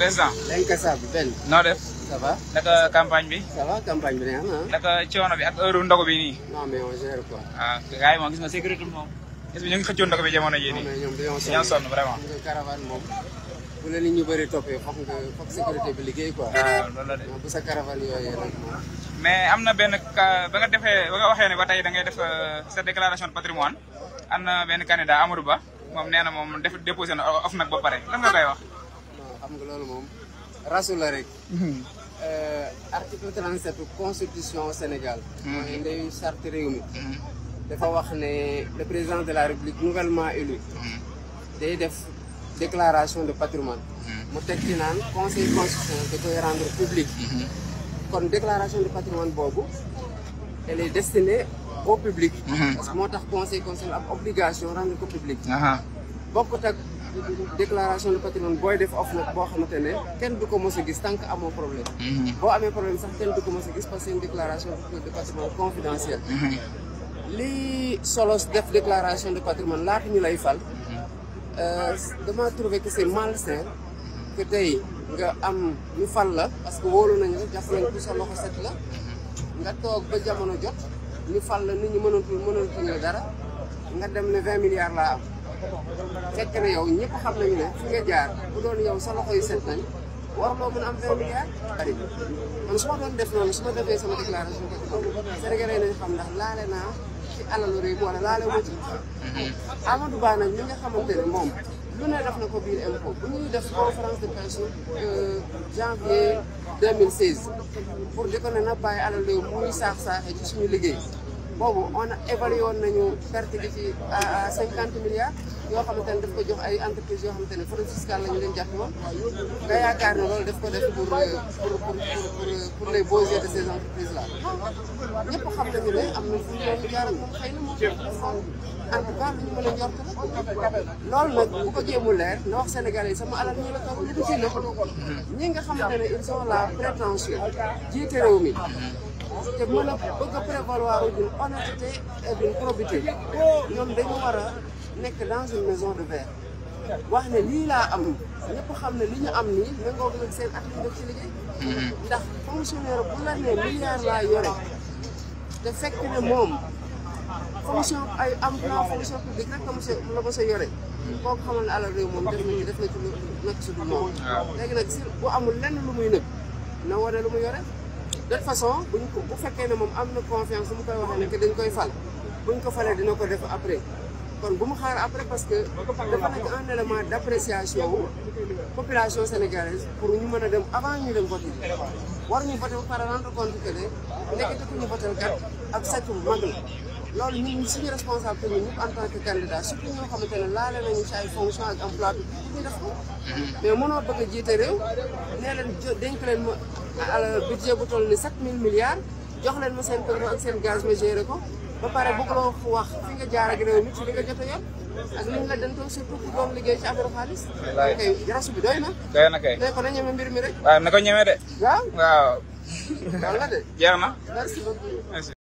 président ah. Lenka Samb benn. noo def. ça va naka bi. ça va bi neex na ah. naka coono bi ak heure ndogu bi nii. non mais on gère quoi. ah gars moom gis sécurité moom. gis nga jamono jii nii. non mais ñoom moom bu la nit ñu bëri toppee foog nga foog sécurité bi liggéey quoi. waaw ah, loolu de bu sa caravane yooyee nag moom. mais am na benn ba nga defee ba nga waxee ne ba tey da ngay def euh, sa déclaration de patrimoine am na benn candidat Amadou Ba moom nee na moom def déposé na of nag ba pare lan nga wax. xam nga loolu moom rasu la rek. Euh, article 37 constitution Sénégal. Mhm. mooy ndeyu charte réew mhm. dafa wax ne le président de la république nouvellement élu. Mhm. day def déclaration de patrimoine. mu teg ci naan conseil constitutionnel da rendre public. kon déclaration de patrimoine boobu elle est destinée au public. parce que moo tax conseil constitutionnel am obligation rendre ko public. bokkut ak déclaration de patrimoine booy def off nag boo xamante ne kenn du ko mos a gis tant amoo problème. Mhm. boo amee problème sax kenn du ko mos a gis parce que une déclaration de patrimoine confidentielle. Mhm. li solos def déclaration de patrimoine laat ñu lay fal. Euh, dama trouvé que c'est malsain que tey nga am ñu fal la parce que wóolu nañu la jàpp nañu sa loxo set la nga toog ba jamono jot ñu fal la nit ñi mënatul mënatul la dara nga dem ne vingt milliards laa am. fekk na yow ñëpp xam nañu ne fi nga jaar bu doon yow sa loxo yu set nañ war loo mën a am vingt milliards. man su ma doon def noonu su ma defee sama déclaration Sénégalais nañ xam ndax laale naa ci alalu réew wala laale wu ma ci. Amadou Ba nag ñi nga xamante ne moom lu ne def na ko biir impôt bu ñuy def conférence de presse euh, janvier 2016 pour di ko ne na bàyyi alal réew mu ngi saax saaxee ci suñu liggéey. boobu on évalué woon nañu perte bi ci à cinquante milliards yoo xamante ne daf ko jox ay entreprises yoo xamante ne fraude fiscale la ñu leen jàpp woon nga yaakaar ne loolu daf ko def pour euh, pour pour pour les beaux yeux de ces entreprises là ñëpp xam nañu ne am na fu ñu doon jaar xëy na moom en a la loolu nag bu ko jéemu leer na wax Sénégalais sama alal ñu la ko ñu ci la ñi nga xamante ne ils sont la prétention jiite réew mi te mën a bëgg a prévaloir d'une honnêteté et d'une probité ñoom dañu war a nekk dans une maison de verre wax ne nii laa am ñëpp xam ne li ñu am nii méngoo ak seen at yi def ci liggéey mhm. ndax fonctionnaire bu la ne milliard laa yore te fekk ne moom fonction ay emploi fonction publique rek monsieur la ko sa yore mhm. kooku xamal ne alal réew moom def nañu def na ci lu nekk si du moom léegi nag si bu amul lenn lu muy nëb na wane lu mu yore de toute façon buñ bu fekkee ne moom am na confiance bu mu koy waxee ne dañ koy fal buñ ko falee dina ko def après kon bu mu xaar après parce que dafa nekk un élément d' appréciation population sénégalaise pour ñu mën a dem avant ñu dem voté war ñu voté par rendre compte que ne nekkati ku ñu voté kat ak sàccu mag la loolu ñun suñu responsable ñun ñëpp en tant que candidat surtout ñoo xamante ne laale nañu ci fonction ak emploi bi ñu def ko mm-hmm. a jiite réew nee leen budget bu toll ni 7000 milliards jox leen ma seen gaz ma géré ko ba pare bëggloo wax fi nga jaar ak réew mi ci li nga jot a yor ak ni ñu surtout ku doon liggéey ci xaalis. wallaay kay na. doy kay ne ko ñeme mbir mi rek. waaw na ko ñeme de. waaw walla de. jeex na